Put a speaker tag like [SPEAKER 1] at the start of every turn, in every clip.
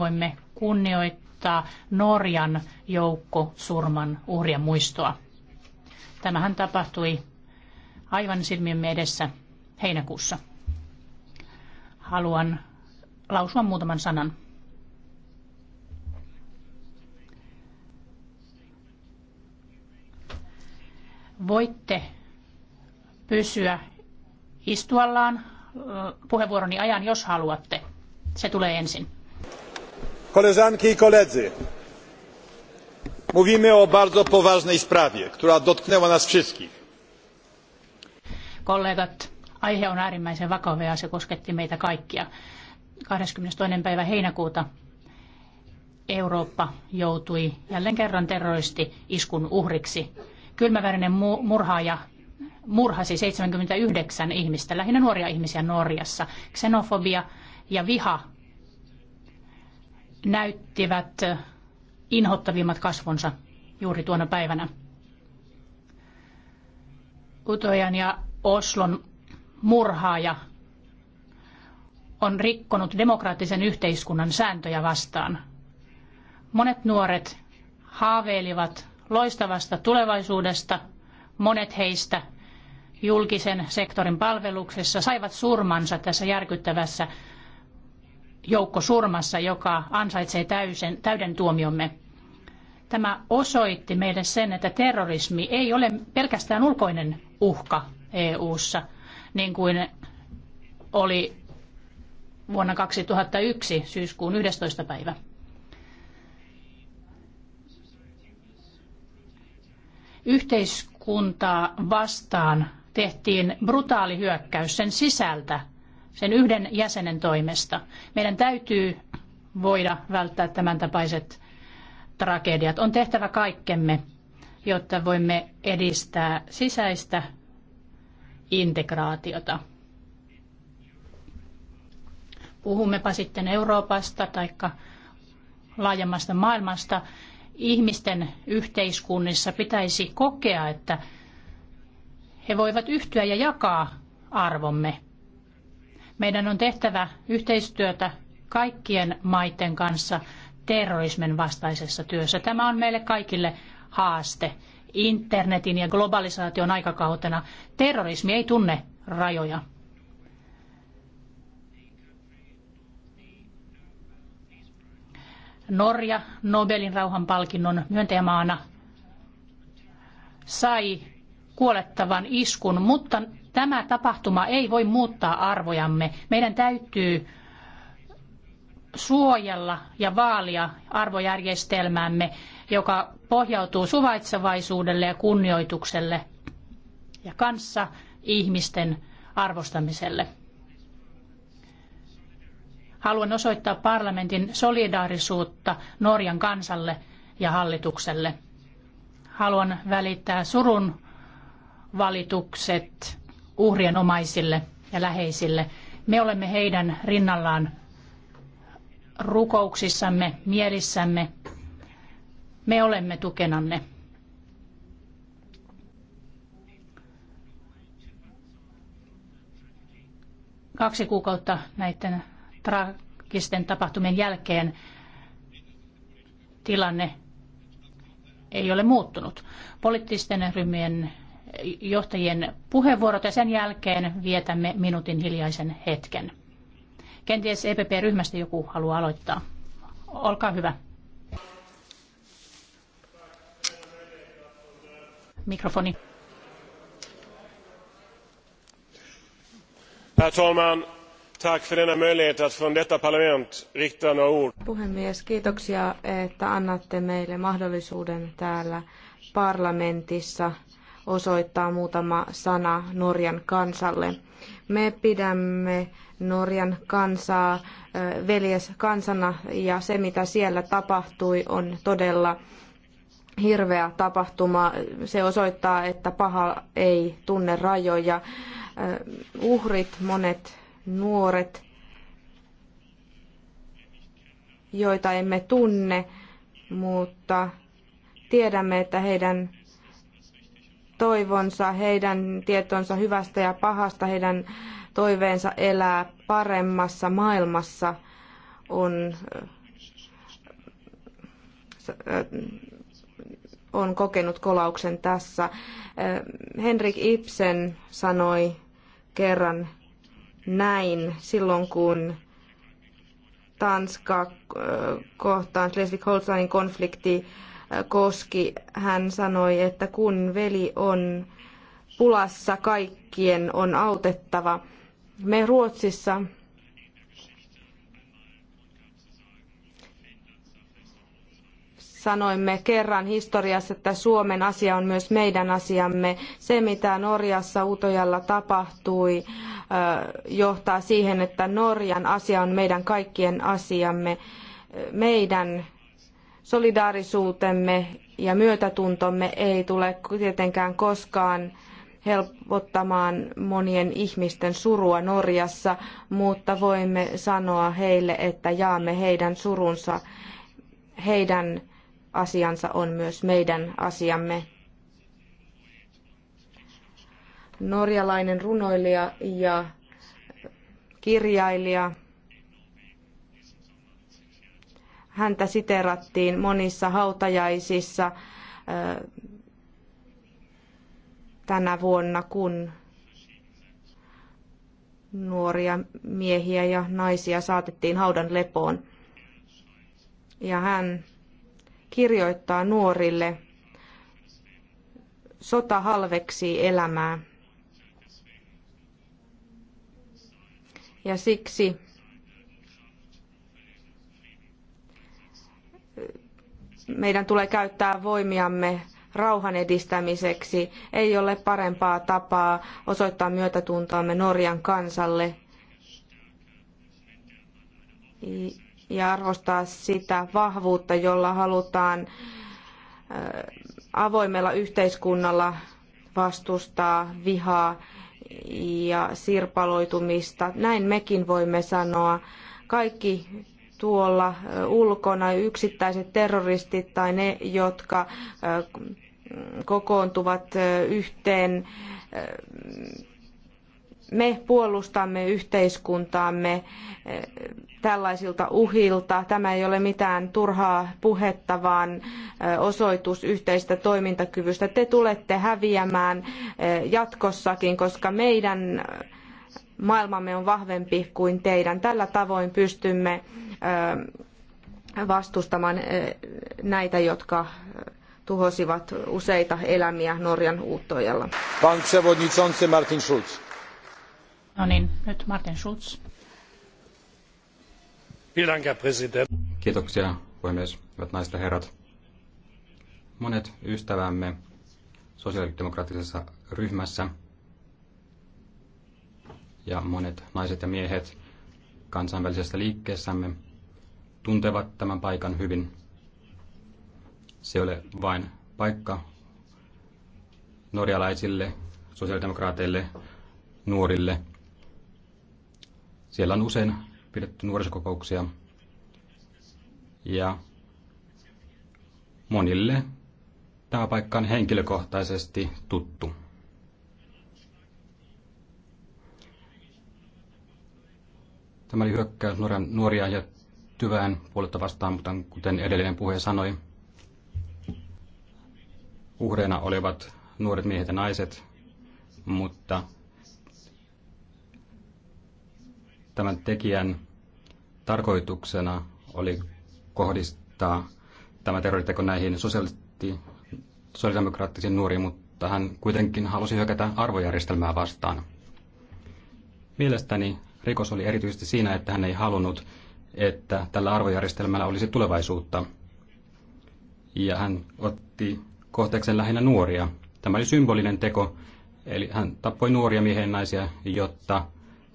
[SPEAKER 1] voimme kunnioittaa Norjan joukkosurman uhrien muistoa. Tämähän tapahtui aivan silmiemme edessä heinäkuussa. Haluan lausua muutaman sanan. Voitte pysyä istuallaan puheenvuoroni ajan, jos haluatte. Se tulee ensin
[SPEAKER 2] koleżanki i koledzy! mówimy o bardzo poważnej sprawie która dotknęła nas wszystkich.
[SPEAKER 1] kollegat aihe on äärimmäisen vakava ja se kosketti meitä kaikkia. 22. päivä heinäkuuta Eurooppa joutui jälleen kerran terroristi iskun uhriksi. Kylmävärinen murhaaja murhasi 79 ihmistä, lähinnä nuoria ihmisiä Norjassa. Xenofobia ja viha näyttivät inhottavimmat kasvonsa juuri tuona päivänä. Utojan ja Oslon murhaaja on rikkonut demokraattisen yhteiskunnan sääntöjä vastaan. Monet nuoret haaveilivat loistavasta tulevaisuudesta, monet heistä julkisen sektorin palveluksessa saivat surmansa tässä järkyttävässä joukko surmassa, joka ansaitsee täysen, täyden tuomiomme. Tämä osoitti meille sen, että terrorismi ei ole pelkästään ulkoinen uhka EU:ssa, niin kuin oli vuonna 2001 syyskuun 11. päivä. Yhteiskuntaa vastaan tehtiin brutaali hyökkäys sen sisältä sen yhden jäsenen toimesta. Meidän täytyy voida välttää tämän tapaiset tragediat. On tehtävä kaikkemme, jotta voimme edistää sisäistä integraatiota. Puhummepa sitten Euroopasta tai laajemmasta maailmasta, ihmisten yhteiskunnissa pitäisi kokea, että he voivat yhtyä ja jakaa arvomme meidän on tehtävä yhteistyötä kaikkien maiden kanssa terrorismin vastaisessa työssä. Tämä on meille kaikille haaste internetin ja globalisaation aikakautena. Terrorismi ei tunne rajoja. Norja Nobelin rauhanpalkinnon myöntäjämaana sai kuolettavan iskun, mutta Tämä tapahtuma ei voi muuttaa arvojamme. Meidän täytyy suojella ja vaalia arvojärjestelmäämme, joka pohjautuu suvaitsevaisuudelle ja kunnioitukselle ja kanssa ihmisten arvostamiselle. Haluan osoittaa parlamentin solidaarisuutta Norjan kansalle ja hallitukselle. Haluan välittää surun valitukset uhrien omaisille ja läheisille. Me olemme heidän rinnallaan rukouksissamme, mielissämme. Me olemme tukenanne. Kaksi kuukautta näiden traagisten tapahtumien jälkeen tilanne ei ole muuttunut. Poliittisten ryhmien johtajien puheenvuorot ja sen jälkeen vietämme minuutin hiljaisen hetken. Kenties EPP-ryhmästä joku haluaa aloittaa. Olkaa hyvä. Mikrofoni.
[SPEAKER 3] Herr talman, tack för denna möjlighet att från detta parlament rikta några ord.
[SPEAKER 2] Puhemies, kiitoksia, että annatte meille mahdollisuuden täällä parlamentissa osoittaa muutama sana Norjan kansalle. Me pidämme Norjan kansaa veljeskansana ja se mitä siellä tapahtui on todella hirveä tapahtuma. Se osoittaa, että paha ei tunne rajoja. Uhrit, monet nuoret, joita emme tunne, mutta tiedämme, että heidän toivonsa, heidän tietonsa hyvästä ja pahasta, heidän toiveensa elää paremmassa maailmassa on, äh, on kokenut kolauksen tässä. Äh, Henrik Ibsen sanoi kerran näin silloin, kun Tanska äh, kohtaan Schleswig-Holsteinin konflikti koski. Hän sanoi, että kun veli on pulassa, kaikkien on autettava. Me Ruotsissa sanoimme kerran historiassa, että Suomen asia on myös meidän asiamme. Se, mitä Norjassa Utojalla tapahtui, johtaa siihen, että Norjan asia on meidän kaikkien asiamme. Meidän solidaarisuutemme ja myötätuntomme ei tule tietenkään koskaan helpottamaan monien ihmisten surua Norjassa, mutta voimme sanoa heille, että jaamme heidän surunsa. Heidän asiansa on myös meidän asiamme. Norjalainen runoilija ja kirjailija häntä siteerattiin monissa hautajaisissa tänä vuonna, kun nuoria miehiä ja naisia saatettiin haudan lepoon. Ja hän kirjoittaa nuorille, sota halveksi elämää. Ja siksi meidän tulee käyttää voimiamme rauhan edistämiseksi. Ei ole parempaa tapaa osoittaa myötätuntoamme Norjan kansalle ja arvostaa sitä vahvuutta, jolla halutaan äh, avoimella yhteiskunnalla vastustaa vihaa ja sirpaloitumista. Näin mekin voimme sanoa. Kaikki tuolla ulkona yksittäiset terroristit tai ne, jotka kokoontuvat yhteen. Me puolustamme yhteiskuntaamme tällaisilta uhilta. Tämä ei ole mitään turhaa puhetta, vaan osoitus yhteistä toimintakyvystä. Te tulette häviämään jatkossakin, koska meidän maailmamme on vahvempi kuin teidän. Tällä tavoin pystymme vastustamaan näitä, jotka tuhosivat useita elämiä Norjan uuttojalla. Pan przewodniczący Martin Schulz.
[SPEAKER 1] No niin, nyt
[SPEAKER 2] Martin Schulz. Kiitoksia,
[SPEAKER 3] puhemies, hyvät naiset ja herrat. Monet ystävämme sosiaalidemokraattisessa ryhmässä – ja monet naiset ja miehet kansainvälisessä liikkeessämme tuntevat tämän paikan hyvin. Se ei ole vain paikka norjalaisille, sosiaalidemokraateille, nuorille. Siellä on usein pidetty nuorisokokouksia ja monille tämä paikka on henkilökohtaisesti tuttu. Tämä oli hyökkäys nuoren, nuoria ja tyvään puoletta vastaan, mutta kuten edellinen puhe sanoi, uhreina olivat nuoret miehet ja naiset, mutta tämän tekijän tarkoituksena oli kohdistaa tämä terroriteko näihin sosiaalisti, sosiaalidemokraattisiin nuoriin, mutta hän kuitenkin halusi hyökätä arvojärjestelmää vastaan. Mielestäni rikos oli erityisesti siinä, että hän ei halunnut, että tällä arvojärjestelmällä olisi tulevaisuutta. Ja hän otti kohteeksen lähinnä nuoria. Tämä oli symbolinen teko, eli hän tappoi nuoria miehiä naisia, jotta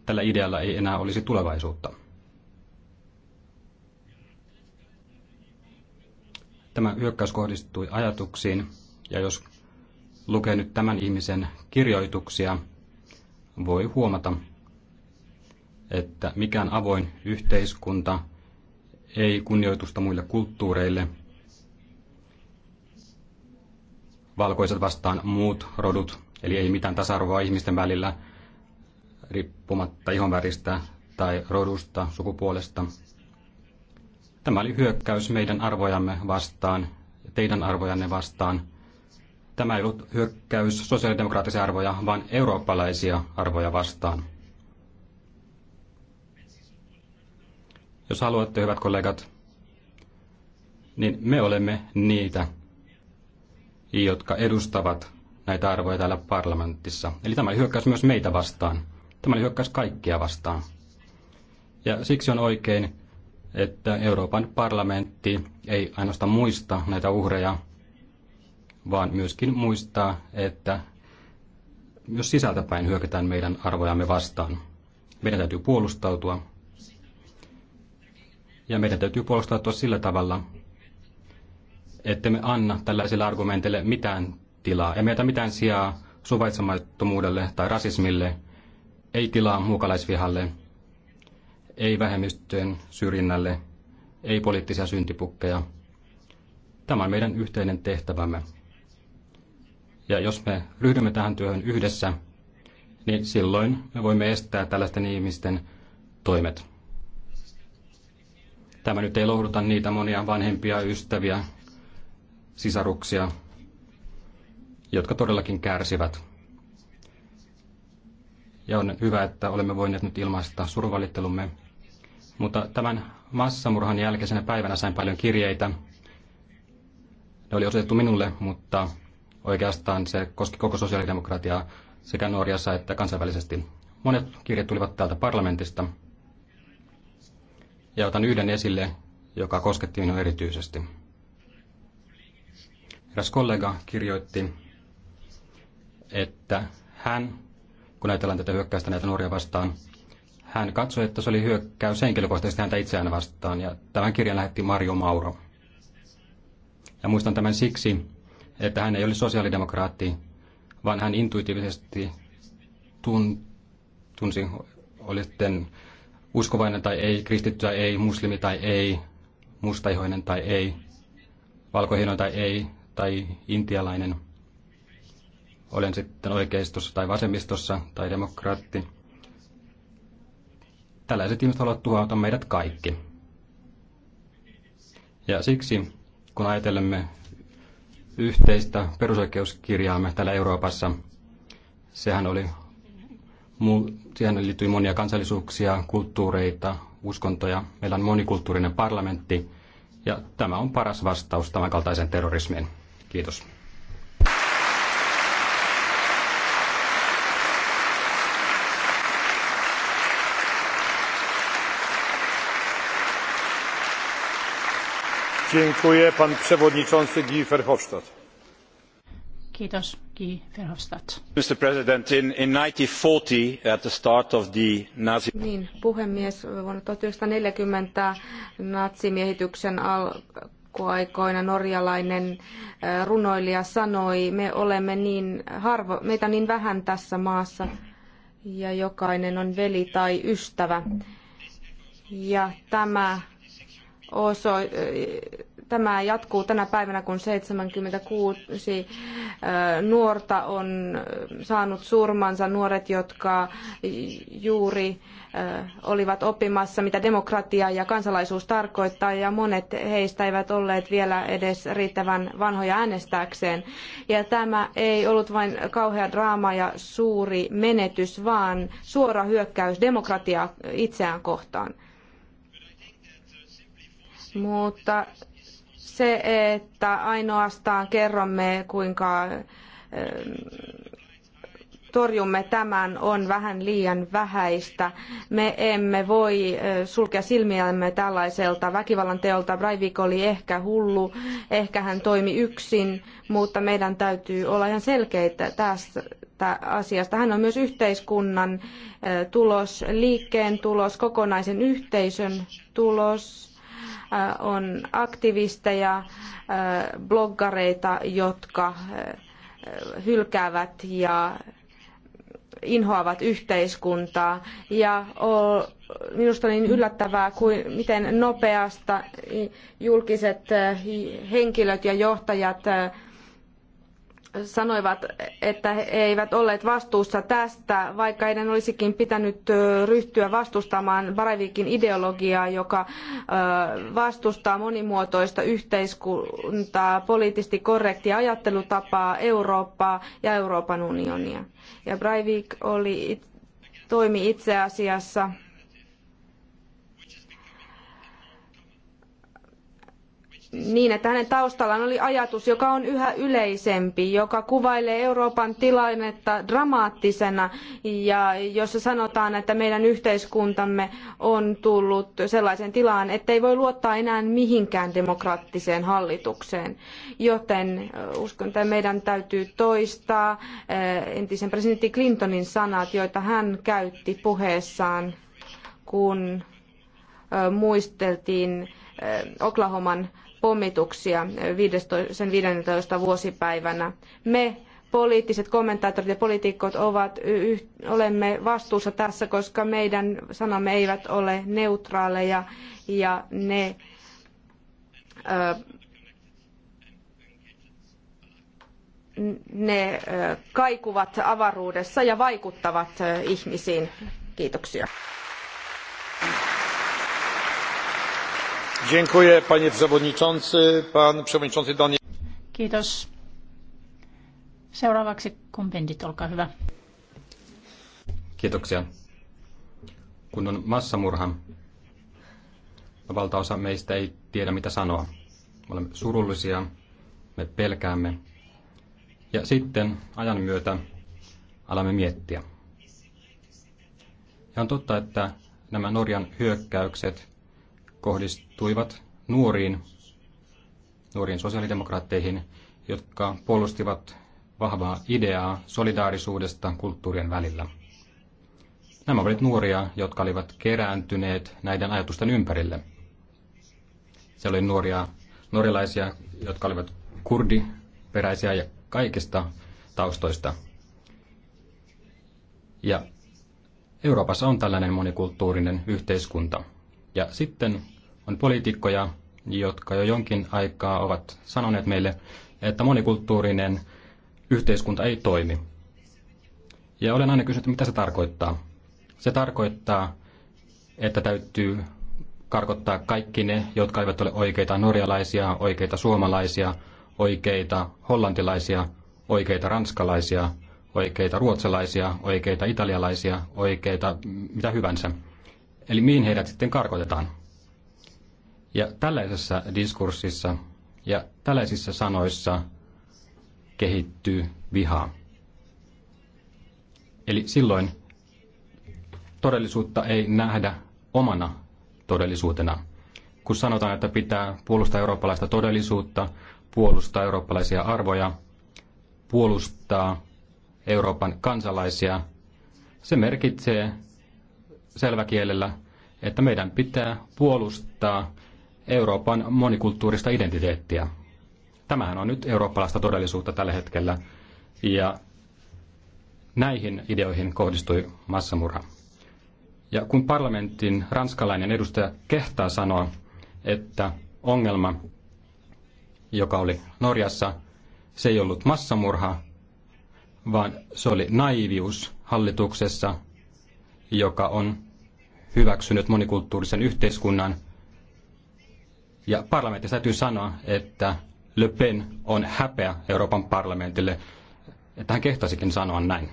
[SPEAKER 3] tällä idealla ei enää olisi tulevaisuutta. Tämä hyökkäys kohdistui ajatuksiin, ja jos lukee nyt tämän ihmisen kirjoituksia, voi huomata, että mikään avoin yhteiskunta ei kunnioitusta muille kulttuureille, valkoiset vastaan muut rodut, eli ei mitään tasa-arvoa ihmisten välillä riippumatta ihonväristä tai rodusta, sukupuolesta. Tämä oli hyökkäys meidän arvojamme vastaan, teidän arvojanne vastaan. Tämä ei ollut hyökkäys sosiaalidemokraattisia arvoja, vaan eurooppalaisia arvoja vastaan. Jos haluatte, hyvät kollegat, niin me olemme niitä, jotka edustavat näitä arvoja täällä parlamentissa. Eli tämä oli hyökkäys myös meitä vastaan. Tämä oli hyökkäys kaikkia vastaan. Ja siksi on oikein, että Euroopan parlamentti ei ainoastaan muista näitä uhreja, vaan myöskin muistaa, että myös sisältäpäin hyökätään meidän arvojamme vastaan. Meidän täytyy puolustautua ja meidän täytyy puolustautua sillä tavalla, että me anna tällaisille argumenteille mitään tilaa, emme jätä mitään sijaa suvaitsemattomuudelle tai rasismille, ei tilaa muukalaisvihalle, ei vähemmistöjen syrjinnälle, ei poliittisia syntipukkeja. Tämä on meidän yhteinen tehtävämme. Ja jos me ryhdymme tähän työhön yhdessä, niin silloin me voimme estää tällaisten ihmisten toimet. Tämä nyt ei lohduta niitä monia vanhempia, ystäviä, sisaruksia, jotka todellakin kärsivät. Ja on hyvä, että olemme voineet nyt ilmaista survalittelumme. Mutta tämän massamurhan jälkeisenä päivänä sain paljon kirjeitä. Ne oli osoitettu minulle, mutta oikeastaan se koski koko sosiaalidemokratiaa sekä Norjassa että kansainvälisesti. Monet kirjat tulivat täältä parlamentista ja otan yhden esille, joka kosketti minua erityisesti. Eräs kollega kirjoitti, että hän, kun ajatellaan tätä hyökkäystä näitä nuoria vastaan, hän katsoi, että se oli hyökkäys henkilökohtaisesti häntä itseään vastaan, ja tämän kirjan lähetti Mario Mauro. Ja muistan tämän siksi, että hän ei ole sosiaalidemokraatti, vaan hän intuitiivisesti tun, tunsi, oli sitten uskovainen tai ei, kristitty tai ei, muslimi tai ei, mustaihoinen tai ei, valkoihoinen tai ei, tai intialainen. Olen sitten oikeistossa tai vasemmistossa tai demokraatti. Tällaiset ihmiset haluavat tuhota meidät kaikki. Ja siksi, kun ajatellemme yhteistä perusoikeuskirjaamme täällä Euroopassa, sehän oli Siihen liittyy monia kansallisuuksia, kulttuureita, uskontoja. Meillä on monikulttuurinen parlamentti ja tämä on paras vastaus tämän kaltaisen terrorismiin. Kiitos.
[SPEAKER 2] Dziękuję pan przewodniczący Guy Verhofstadt. Kiitos, Guy Verhofstadt.
[SPEAKER 3] 1940 at the start of the
[SPEAKER 2] Nazi... Niin, puhemies, vuonna yhdeksänsataaneljäkymmentä natsimiehityksen alkuaikoina norjalainen runoilija sanoi, me olemme niin harvo, meitä on niin vähän tässä maassa ja jokainen on veli tai ystävä. Ja tämä oso, tämä jatkuu tänä päivänä, kun 76 nuorta on saanut surmansa. Nuoret, jotka juuri olivat oppimassa, mitä demokratia ja kansalaisuus tarkoittaa, ja monet heistä eivät olleet vielä edes riittävän vanhoja äänestääkseen. Ja tämä ei ollut vain kauhea draama ja suuri menetys, vaan suora hyökkäys demokratiaa itseään kohtaan. Mutta se, että ainoastaan kerromme, kuinka ähm, torjumme tämän, on vähän liian vähäistä. Me emme voi äh, sulkea silmiämme tällaiselta väkivallan teolta. Breivik oli ehkä hullu, ehkä hän toimi yksin, mutta meidän täytyy olla ihan selkeitä tästä asiasta. Hän on myös yhteiskunnan äh, tulos, liikkeen tulos, kokonaisen yhteisön tulos Äh, on aktivisteja, äh, bloggareita, jotka äh, hylkäävät ja inhoavat yhteiskuntaa. Ja minusta on niin yllättävää, kuin miten nopeasta julkiset henkilöt ja johtajat sanoivat, että he eivät olleet vastuussa tästä, vaikka heidän olisikin pitänyt ryhtyä vastustamaan Breivikin ideologiaa, joka vastustaa monimuotoista yhteiskuntaa, poliittisesti korrektia ajattelutapaa, Eurooppaa ja Euroopan unionia. Ja Breivik oli, toimi itse asiassa niin, että hänen taustallaan oli ajatus, joka on yhä yleisempi, joka kuvailee Euroopan tilannetta dramaattisena ja jossa sanotaan, että meidän yhteiskuntamme on tullut sellaiseen tilaan, ettei voi luottaa enää mihinkään demokraattiseen hallitukseen. Joten äh, uskon, että meidän täytyy toistaa äh, entisen presidentti Clintonin sanat, joita hän käytti puheessaan, kun äh, muisteltiin Oklahoman pommituksia sen 15 vuosipäivänä. Me poliittiset kommentaattorit ja poliitikot ovat, olemme vastuussa tässä, koska meidän sanamme eivät ole neutraaleja ja ne ne kaikuvat avaruudessa ja vaikuttavat ihmisiin. Kiitoksia. panie
[SPEAKER 1] przewodniczący. Pan przewodniczący Daniel. Kiitos. Seuraavaksi
[SPEAKER 3] Kiitoksia. Kun on massamurha, valtaosa meistä ei tiedä mitä sanoa. Me olemme surullisia, me pelkäämme. Ja sitten ajan myötä alamme miettiä. Ja on totta, että nämä Norjan hyökkäykset kohdistuivat nuoriin, nuoriin sosiaalidemokraatteihin, jotka puolustivat vahvaa ideaa solidaarisuudesta kulttuurien välillä. Nämä olivat nuoria, jotka olivat kerääntyneet näiden ajatusten ympärille. Siellä oli nuoria, norjalaisia, jotka olivat kurdiperäisiä ja kaikista taustoista. Ja Euroopassa on tällainen monikulttuurinen yhteiskunta. Ja sitten on poliitikkoja, jotka jo jonkin aikaa ovat sanoneet meille, että monikulttuurinen yhteiskunta ei toimi. Ja olen aina kysynyt, mitä se tarkoittaa. Se tarkoittaa, että täytyy karkottaa kaikki ne, jotka eivät ole oikeita norjalaisia, oikeita suomalaisia, oikeita hollantilaisia, oikeita ranskalaisia, oikeita ruotsalaisia, oikeita italialaisia, oikeita mitä hyvänsä. Eli mihin heidät sitten karkotetaan. Ja tällaisessa diskurssissa ja tällaisissa sanoissa kehittyy vihaa. Eli silloin todellisuutta ei nähdä omana todellisuutena. Kun sanotaan, että pitää puolustaa eurooppalaista todellisuutta, puolustaa eurooppalaisia arvoja, puolustaa Euroopan kansalaisia, se merkitsee selväkielellä, että meidän pitää puolustaa Euroopan monikulttuurista identiteettiä. Tämähän on nyt eurooppalaista todellisuutta tällä hetkellä, ja näihin ideoihin kohdistui massamurha. Ja kun parlamentin ranskalainen edustaja kehtaa sanoa, että ongelma, joka oli Norjassa, se ei ollut massamurha, vaan se oli naivius hallituksessa, joka on hyväksynyt monikulttuurisen yhteiskunnan. Ja parlamentissa täytyy sanoa, että Le Pen on häpeä Euroopan parlamentille, että hän kehtasikin sanoa näin.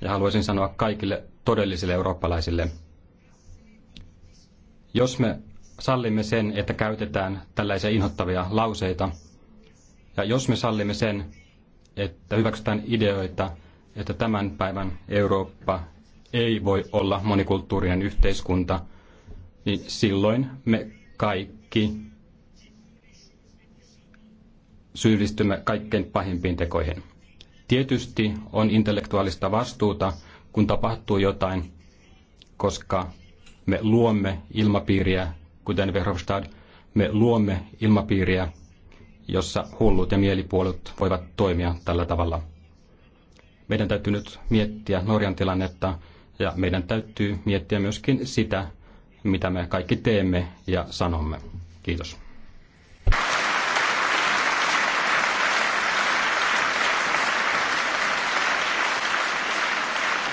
[SPEAKER 3] Ja haluaisin sanoa kaikille todellisille eurooppalaisille, jos me sallimme sen, että käytetään tällaisia inhottavia lauseita, ja jos me sallimme sen, että hyväksytään ideoita, että tämän päivän Eurooppa ei voi olla monikulttuurinen yhteiskunta, niin silloin me kaikki syyllistymme kaikkein pahimpiin tekoihin. Tietysti on intellektuaalista vastuuta, kun tapahtuu jotain, koska me luomme ilmapiiriä, kuten Verhofstadt, me luomme ilmapiiriä, jossa hullut ja mielipuolut voivat toimia tällä tavalla. Meidän täytyy nyt miettiä Norjan tilannetta ja meidän täytyy miettiä myöskin sitä, mitä me kaikki teemme ja sanomme. Kiitos.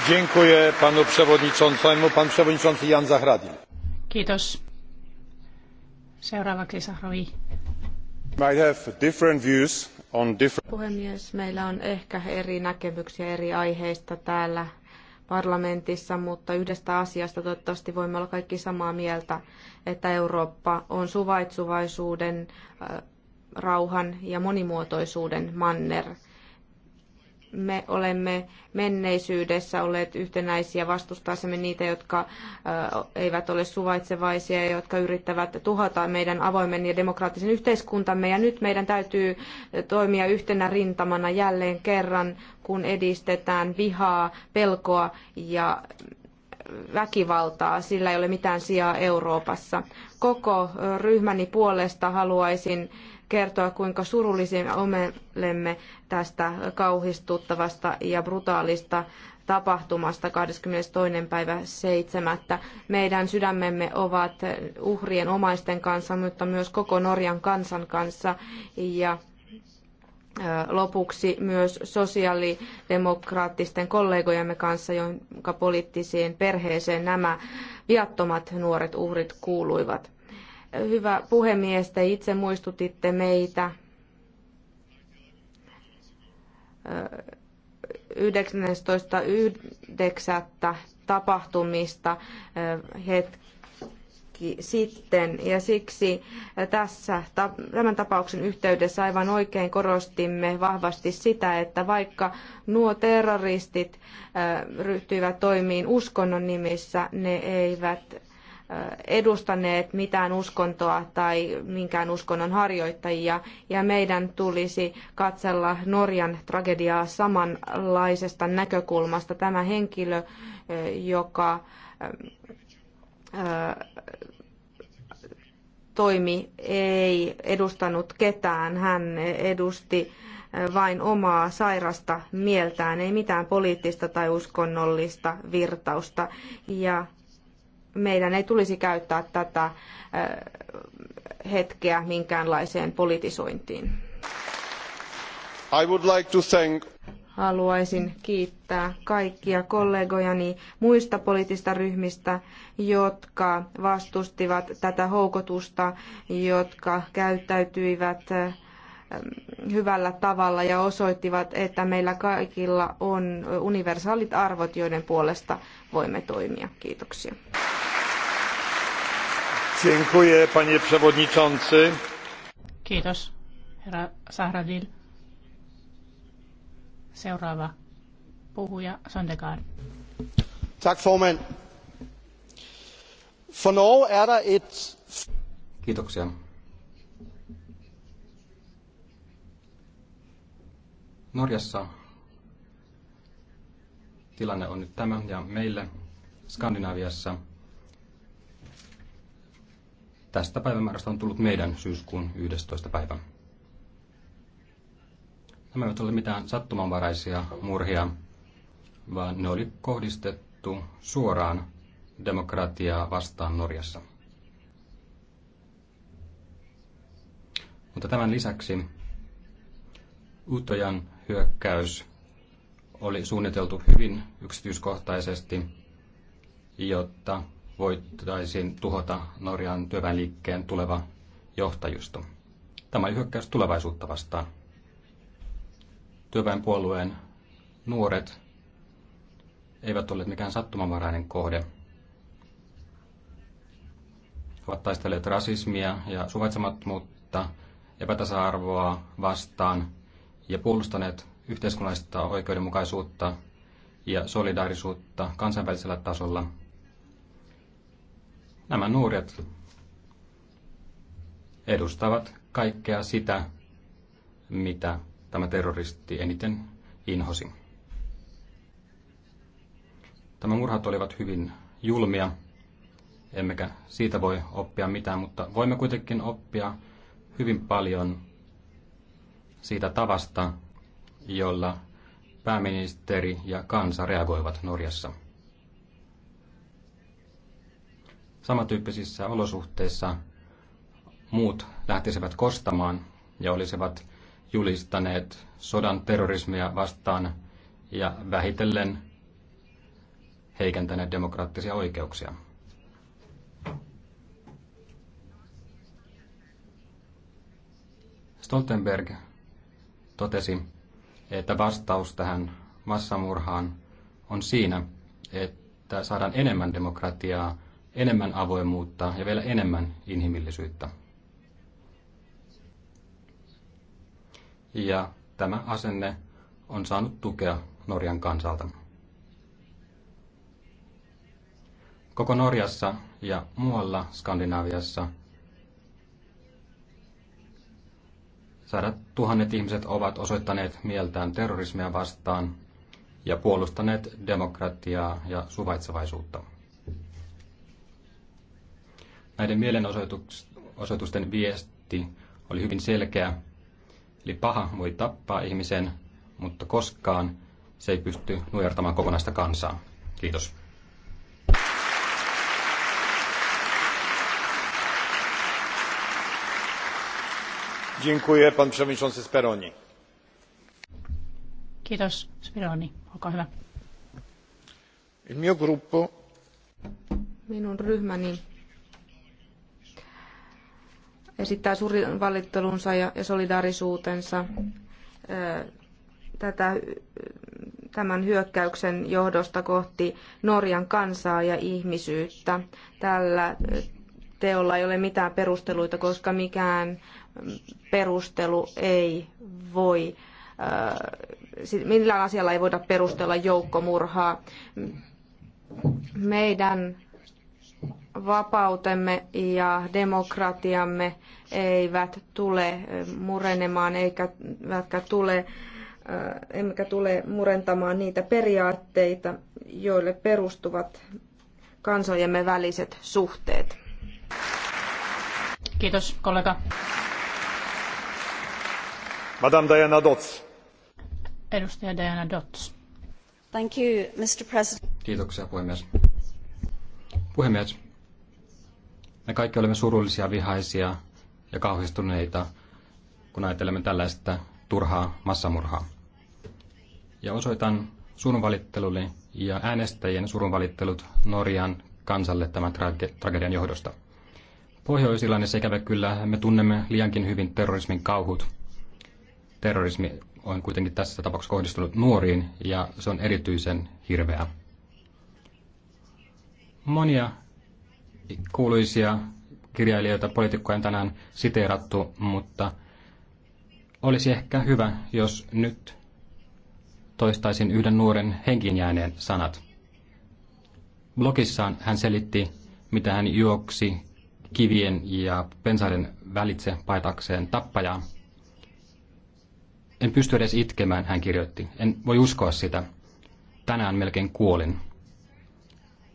[SPEAKER 2] Dziękuję panu przewodniczącemu. Pan przewodniczący Jan Zahradil.
[SPEAKER 1] Kiitos. Seuraavaksi
[SPEAKER 2] Puhemies, meillä on ehkä eri näkemyksiä eri aiheista täällä parlamentissa, mutta yhdestä asiasta toivottavasti voimme olla kaikki samaa mieltä, että Eurooppa on suvaitsuvaisuuden, äh, rauhan ja monimuotoisuuden manner – me olemme menneisyydessä olleet yhtenäisiä vastustaessamme niitä, jotka eivät ole suvaitsevaisia ja jotka yrittävät tuhota meidän avoimen ja demokraattisen yhteiskuntamme. Ja nyt meidän täytyy toimia yhtenä rintamana jälleen kerran, kun edistetään vihaa, pelkoa ja väkivaltaa. Sillä ei ole mitään sijaa Euroopassa. Koko ryhmäni puolesta haluaisin kertoa, kuinka surullisia omelemme tästä kauhistuttavasta ja brutaalista tapahtumasta 22. päivä 7. Meidän sydämemme ovat uhrien omaisten kanssa, mutta myös koko Norjan kansan kanssa ja lopuksi myös sosiaalidemokraattisten kollegojemme kanssa, jonka poliittiseen perheeseen nämä viattomat nuoret uhrit kuuluivat. Hyvä puhemies, te itse muistutitte meitä 19.9. tapahtumista eh, hetki sitten. Ja siksi tässä tämän tapauksen yhteydessä aivan oikein korostimme vahvasti sitä, että vaikka nuo terroristit eh, ryhtyivät toimiin uskonnon nimissä, ne eivät edustaneet mitään uskontoa tai minkään uskonnon harjoittajia, ja meidän tulisi katsella Norjan tragediaa samanlaisesta näkökulmasta. Tämä henkilö, joka toimi ei edustanut ketään, hän edusti vain omaa sairasta mieltään, ei mitään poliittista tai uskonnollista virtausta. Ja meidän ei tulisi käyttää tätä hetkeä minkäänlaiseen politisointiin. Like Haluaisin kiittää kaikkia kollegojani muista poliittisista ryhmistä, jotka vastustivat tätä houkotusta, jotka käyttäytyivät hyvällä tavalla ja osoittivat, että meillä kaikilla on universaalit arvot, joiden puolesta voimme toimia. Kiitoksia. Dziękuję, panie przewodniczący.
[SPEAKER 1] Kiitos, herra Sahradil. Seuraava puhuja, Sondegaard. Tak, formand.
[SPEAKER 2] For Norge er der et...
[SPEAKER 3] Kiitoksia. Norjassa tilanne on nyt tämä ja meille Skandinaviassa Tästä päivämäärästä on tullut meidän syyskuun 11. päivä. Nämä eivät ole mitään sattumanvaraisia murhia, vaan ne oli kohdistettu suoraan demokratiaa vastaan Norjassa. Mutta tämän lisäksi Utojan hyökkäys oli suunniteltu hyvin yksityiskohtaisesti, jotta voitaisiin tuhota Norjan työväenliikkeen tuleva johtajusto. Tämä hyökkäys tulevaisuutta vastaan. Työväenpuolueen nuoret eivät ole mikään sattumanvarainen kohde. He ovat taistelleet rasismia ja suvaitsemattomuutta, epätasa-arvoa vastaan ja puolustaneet yhteiskunnallista oikeudenmukaisuutta ja solidaarisuutta kansainvälisellä tasolla – Nämä nuoret edustavat kaikkea sitä, mitä tämä terroristi eniten inhosi. Tämä murhat olivat hyvin julmia, emmekä siitä voi oppia mitään, mutta voimme kuitenkin oppia hyvin paljon siitä tavasta, jolla pääministeri ja kansa reagoivat Norjassa. samantyyppisissä olosuhteissa muut lähtisivät kostamaan ja olisivat julistaneet sodan terrorismia vastaan ja vähitellen heikentäneet demokraattisia oikeuksia. Stoltenberg totesi, että vastaus tähän massamurhaan on siinä, että saadaan enemmän demokratiaa enemmän avoimuutta ja vielä enemmän inhimillisyyttä. Ja tämä asenne on saanut tukea Norjan kansalta. Koko Norjassa ja muualla Skandinaaviassa sadat tuhannet ihmiset ovat osoittaneet mieltään terrorismia vastaan ja puolustaneet demokratiaa ja suvaitsevaisuutta. Näiden mielenosoitusten viesti oli hyvin selkeä. Eli paha voi tappaa ihmisen, mutta koskaan se ei pysty nujertamaan kokonaista kansaa. Kiitos.
[SPEAKER 2] Dziękuję, pan przewodniczący Speroni.
[SPEAKER 1] Kiitos, Speroni. Olkaa hyvä.
[SPEAKER 2] Il mio gruppo. Minun ryhmäni esittää suurin valittelunsa ja, ja solidaarisuutensa tätä, tämän hyökkäyksen johdosta kohti Norjan kansaa ja ihmisyyttä. Tällä teolla ei ole mitään perusteluita, koska mikään perustelu ei voi, millään asialla ei voida perustella joukkomurhaa. Meidän vapautemme ja demokratiamme eivät tule eh, murenemaan eikä tule eh, emmekä tule murentamaan niitä periaatteita, joille perustuvat kansojemme väliset suhteet. Kiitos, kollega. Madame Diana Dots.
[SPEAKER 1] Edustaja Diana Dots. Thank you, Mr. President.
[SPEAKER 3] Kiitoksia, puhemies. Puhemies, me kaikki olemme surullisia, vihaisia ja kauhistuneita, kun ajattelemme tällaista turhaa massamurhaa. Ja osoitan surun valitteluni ja äänestäjien surun valittelut Norjan kansalle tämän trage- tragedian johdosta. Pohjois-Irlannissa ikävä kyllä me tunnemme liiankin hyvin terrorismin kauhut. Terrorismi on kuitenkin tässä tapauksessa kohdistunut nuoriin ja se on erityisen hirveää. Monia kuuluisia kirjailijoita, poliitikkoja tänään siteerattu, mutta olisi ehkä hyvä, jos nyt toistaisin yhden nuoren henkiin jääneen sanat. Blogissaan hän selitti, mitä hän juoksi kivien ja pensaiden välitse paitakseen tappajaa. En pysty edes itkemään, hän kirjoitti. En voi uskoa sitä. Tänään melkein kuolin.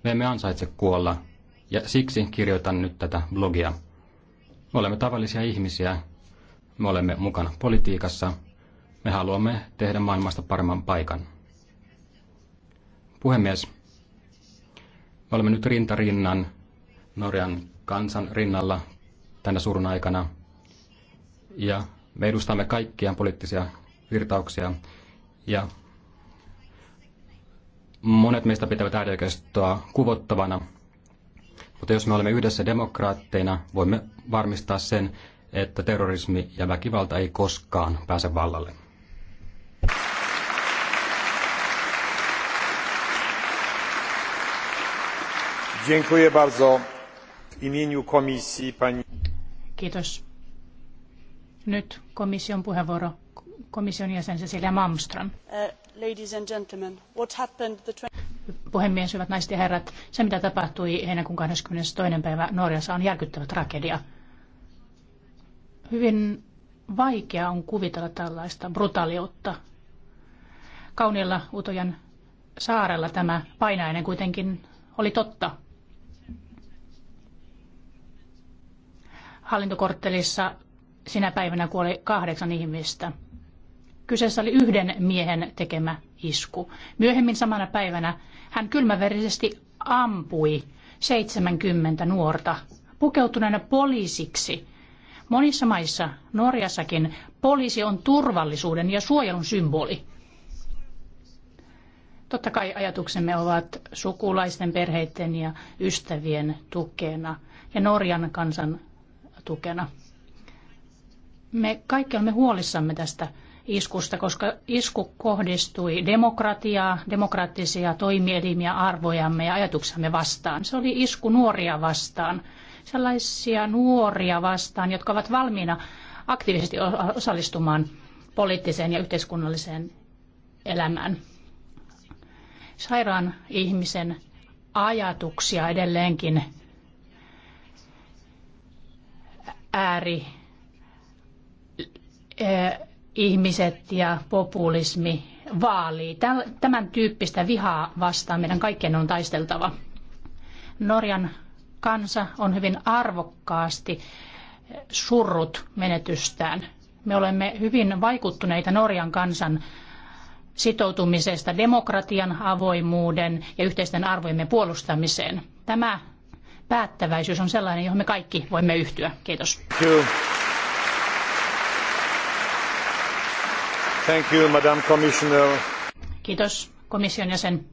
[SPEAKER 3] Me emme ansaitse kuolla, ja siksi kirjoitan nyt tätä blogia. Me olemme tavallisia ihmisiä, me olemme mukana politiikassa, me haluamme tehdä maailmasta paremman paikan. Puhemies, me olemme nyt rintarinnan Norjan kansan rinnalla tänä surun aikana. Ja me edustamme kaikkia poliittisia virtauksia. Ja monet meistä pitävät äärioikeistoa kuvottavana mutta jos me olemme yhdessä demokraatteina, voimme varmistaa sen, että terrorismi ja väkivalta ei koskaan pääse vallalle.
[SPEAKER 2] Dziękuję bardzo. W imieniu komisji pani...
[SPEAKER 1] Kiitos. Nyt komission puheenvuoro komission jäsen Cecilia Malmström. Uh, ladies and gentlemen, what happened the puhemies, hyvät naiset ja herrat. Se, mitä tapahtui heinäkuun 22. päivä Norjassa, on järkyttävä tragedia. Hyvin vaikea on kuvitella tällaista brutaaliutta. Kauniilla Utojan saarella tämä painainen kuitenkin oli totta. Hallintokorttelissa sinä päivänä kuoli kahdeksan ihmistä. Kyseessä oli yhden miehen tekemä isku. Myöhemmin samana päivänä hän kylmäverisesti ampui 70 nuorta pukeutuneena poliisiksi. Monissa maissa, Norjassakin, poliisi on turvallisuuden ja suojelun symboli. Totta kai ajatuksemme ovat sukulaisten, perheiden ja ystävien tukena ja Norjan kansan tukena. Me kaikki olemme huolissamme tästä iskusta, koska isku kohdistui demokratiaa, demokraattisia toimielimiä, arvojamme ja ajatuksemme vastaan. Se oli isku nuoria vastaan, sellaisia nuoria vastaan, jotka ovat valmiina aktiivisesti osallistumaan poliittiseen ja yhteiskunnalliseen elämään. Sairaan ihmisen ajatuksia edelleenkin ääri e, ihmiset ja populismi vaalii. Tämän tyyppistä vihaa vastaan meidän kaikkien on taisteltava. Norjan kansa on hyvin arvokkaasti surrut menetystään. Me olemme hyvin vaikuttuneita Norjan kansan sitoutumisesta demokratian, avoimuuden ja yhteisten arvojemme puolustamiseen. Tämä päättäväisyys on sellainen, johon me kaikki voimme yhtyä. Kiitos. Kiitos. Kiitos komission jäsen.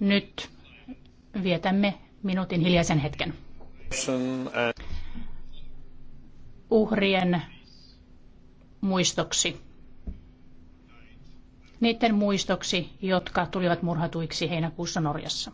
[SPEAKER 1] Nyt vietämme minuutin hiljaisen hetken. Uhrien muistoksi. Niiden muistoksi, jotka tulivat murhatuiksi heinäkuussa Norjassa.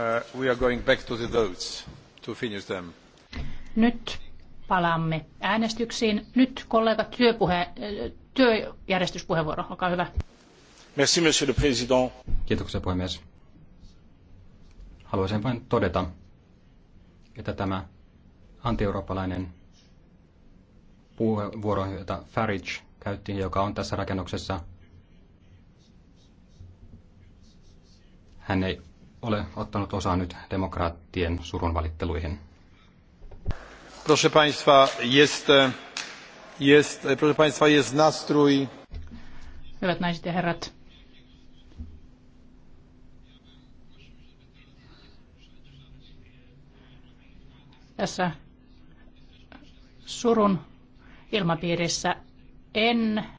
[SPEAKER 2] Uh, we are going back to the votes to finish them.
[SPEAKER 1] Nyt palaamme äänestyksiin. Nyt kollega työpuhe, eh, työjärjestyspuheenvuoro, olkaa hyvä.
[SPEAKER 3] Merci, monsieur le président. Kiitoksia puhemies. Haluaisin vain todeta, että tämä antieurooppalainen puheenvuoro, jota Farage käytti, joka on tässä rakennuksessa, hän ei ole ottanut osaa nyt demokraattien surunvalitteluihin.
[SPEAKER 2] Proszę Państwa, jest, jest, proszę Państwa, jest nastrój.
[SPEAKER 1] Hyvät naiset ja herrat. Tässä surun ilmapiirissä en